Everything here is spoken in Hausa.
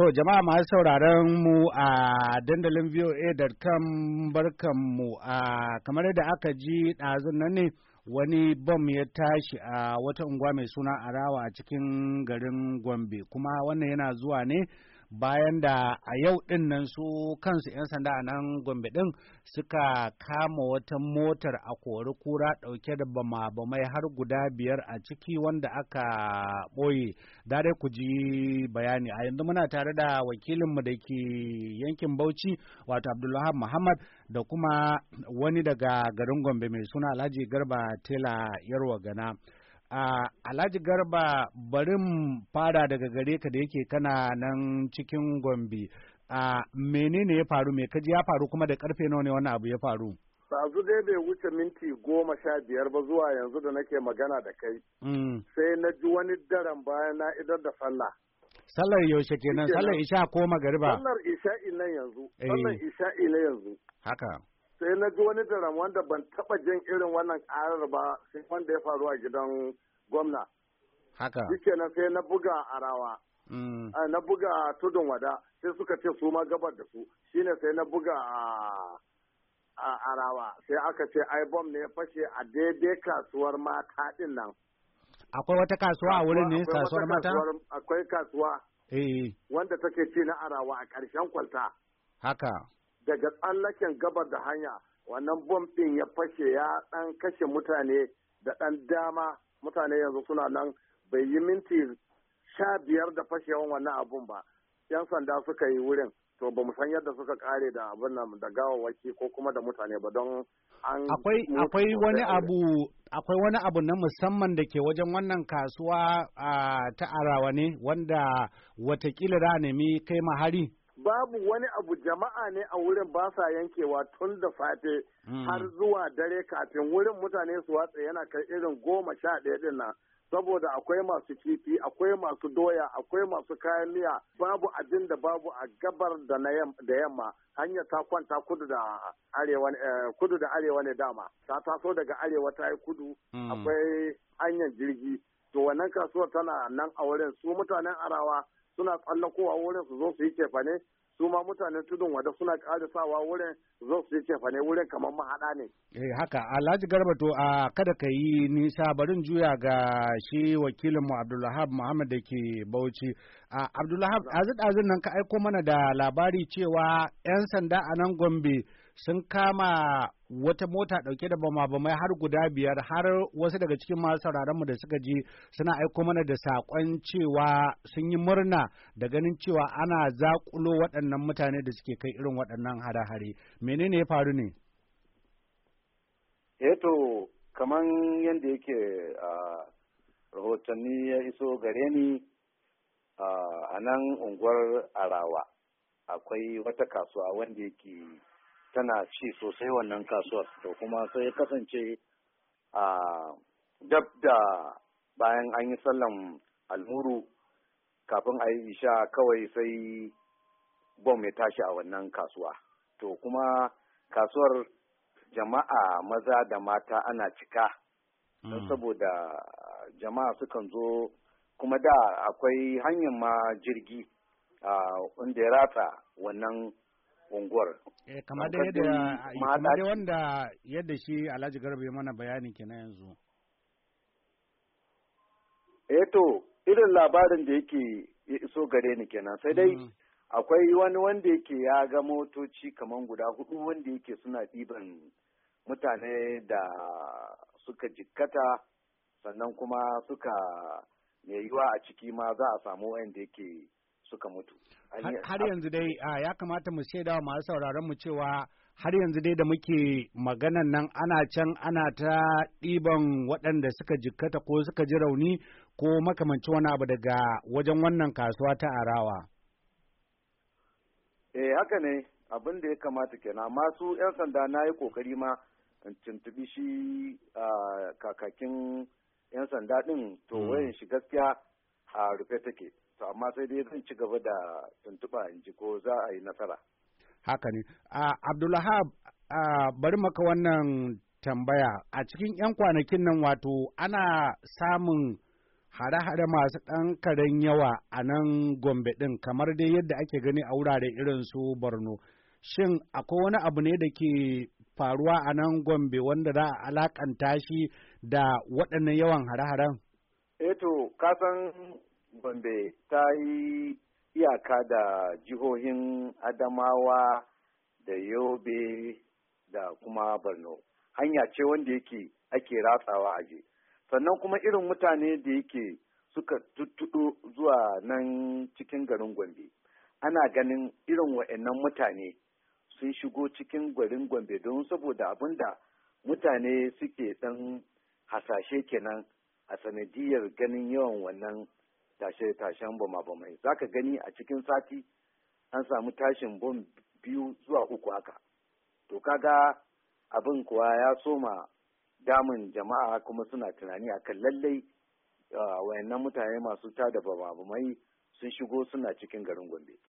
To jama'a masu sauraron mu a dandalin voa.com barkan mu a kamar da aka ji ɗazun nan ne wani bom ya tashi a wata unguwa mai suna arawa a cikin garin Gombe kuma wannan yana zuwa ne bayan da a yau ɗin nan su kansu 'yan sanda a nan Gombe ɗin suka kama wata motar a kori kura ɗauke da bama-bamai har guda biyar a ciki wanda aka ɓoye. Dare ku ji bayani a yanzu muna tare da wakilinmu da ke yankin Bauchi wato Abdullahi Muhammad da kuma wani daga garin Gombe mai suna Alhaji Garba Tela Yarwa Gana. Uh, Alhaji Garba barin fara daga gare ka da yake kana nan cikin Gombe. Uh, menene ya faru me kaji ya faru kuma da karfe nawa ne wannan abu ya faru? Sazu dai bai wuce minti goma sha biyar ba zuwa yanzu da nake magana da kai. Mm. Sai na ji wani daren bayan na idar da sallah. Sallar yaushe kenan sallar isha ko magariba? Sallar isha'i nan yanzu. Eh. Sallar isha'i na yanzu. Haka. sai na ji wani daren wanda ban taba jin irin wannan karar ba sai wanda ya faru a gidan gwamna haka shike na sai na buga arawa mm. ah, na buga tudun wada sai suka ce su ma gabar da su shine sai na buga a arawa sai aka ce ai bom ne fashe a daidai kasuwar mata din nan akwai wata kasuwa a wurin ne kasuwar mata akwai kasuwa eh. wanda take ci na arawa a ƙarshen kwalta haka daga tsallaken gabar da hanya wannan bom ya fashe ya dan kashe mutane da dan dama mutane yanzu suna nan bai yi minti sha biyar da fashewan wannan abun ba yan sanda suka yi wurin to ba san yadda suka kare da abin nan da gawawaki ko kuma da mutane ba don an akwai wani abu akwai wani abu na musamman da ke wajen wannan kasuwa ta arawa ne wanda watakila da nemi kai mahari babu wani abu jama'a ne a wurin ba sa yankewa tun da safe hmm. har zuwa dare kafin wurin mutane su watsa yana kai irin goma sha ɗaya din nan saboda akwai masu kifi akwai masu doya akwai masu kayan miya babu abin da babu a gabar da da yamma hanya ta kwanta kudu da arewa eh, kudu da arewa ne dama ta taso daga arewa ta yi kudu hmm. akwai hanyar jirgi to wannan kasuwar tana nan a wurin su mutanen arawa suna tsallakowa wurin su zo su yi cefane su ma mutanen tudun wada suna ƙara sawa wurin zo su yi cefane wurin kamar mahaɗa ne. Eh haka Alhaji Garba to a kada ka yi nisa barin juya ga shi wakilin mu Abdulwahab Muhammad da ke Bauchi. A Abdulwahab azid azin nan ka aiko mana da labari cewa 'yan sanda a nan Gombe sun kama wata mota dauke da bama-bamai har guda biyar har wasu daga cikin masu sauraronmu da suka ji suna aiko mana da saƙon cewa sun yi murna da ganin cewa ana zaƙulo waɗannan mutane da suke kai irin waɗannan hare-hare menene ya faru ne eto eh kamar yadda yake a rahotanni ya iso gare ni a nan unguwar arawa akwai wata kasuwa wanda yake tana ci sosai wannan kasuwar to kuma sai ya kasance a dab da bayan an yi sallan almuru kafin a yi isha kawai sai bom ya tashi a wannan kasuwa to kuma kasuwar jama'a maza da mata ana cika hmm. don saboda jama'a sukan zo kuma da akwai hanyar ma jirgi a inda ya ratsa wannan unguwar. Eh, kamar da yadda eh, wanda yadda shi Alhaji Garba ya mana bayani kenan yanzu. Eh to irin labarin da yake ya iso gare ni kenan sai dai mm. akwai wani wanda yake ya ga motoci kamar guda hudu wanda yake suna ɗiban mutane da suka jikkata sannan kuma suka mai a ciki ma za a samu wanda yake suka mutu. Har yanzu dai ya kamata mu shaida wa masu sauraron mu cewa har yanzu dai da muke maganan nan ana can ana ta ɗiban waɗanda suka jikkata ko suka ji rauni ko makamanci wani abu daga wajen wannan kasuwa ta arawa. Eh haka ne abin da ya kamata kenan masu 'yan sanda na yi ƙoƙari ma in tuntubi shi kakakin 'yan sanda ɗin to hmm. wayan shi gaskiya a rufe take to amma sai dai zan ci gaba da tuntuɓa in ji ko za a yi nasara haka ne abdullahab bari maka wannan tambaya a cikin 'yan kwanakin nan wato ana samun hare-hare masu ɗan karen yawa a nan gombe ɗin kamar dai yadda ake gani a wurare irin su borno shin akwai wani abu ne da ke faruwa a nan gombe wanda za a alakanta shi da waɗannan yawan hare-haren? eto eh kasan Gombe ta yi iyaka da jihohin Adamawa da Yobe da kuma Borno. Hanya ce wanda yake ake ratsawa aje. Sannan kuma irin mutane da yake suka tuttuɗo zuwa nan cikin garin Gombe. Ana ganin irin wa'annan mutane sun shigo cikin garin Gombe don saboda abin da mutane suke ɗan hasashe kenan a sanadiyar ganin yawan wannan tashe-tashen bama-bamai za ka gani a cikin sati an samu tashin bom biyu zuwa uku haka to kaga abin kuwa ya soma damun jama'a kuma suna tunani akan lallai ah, wayannan mutane masu tada bama sun shigo suna cikin garin gombe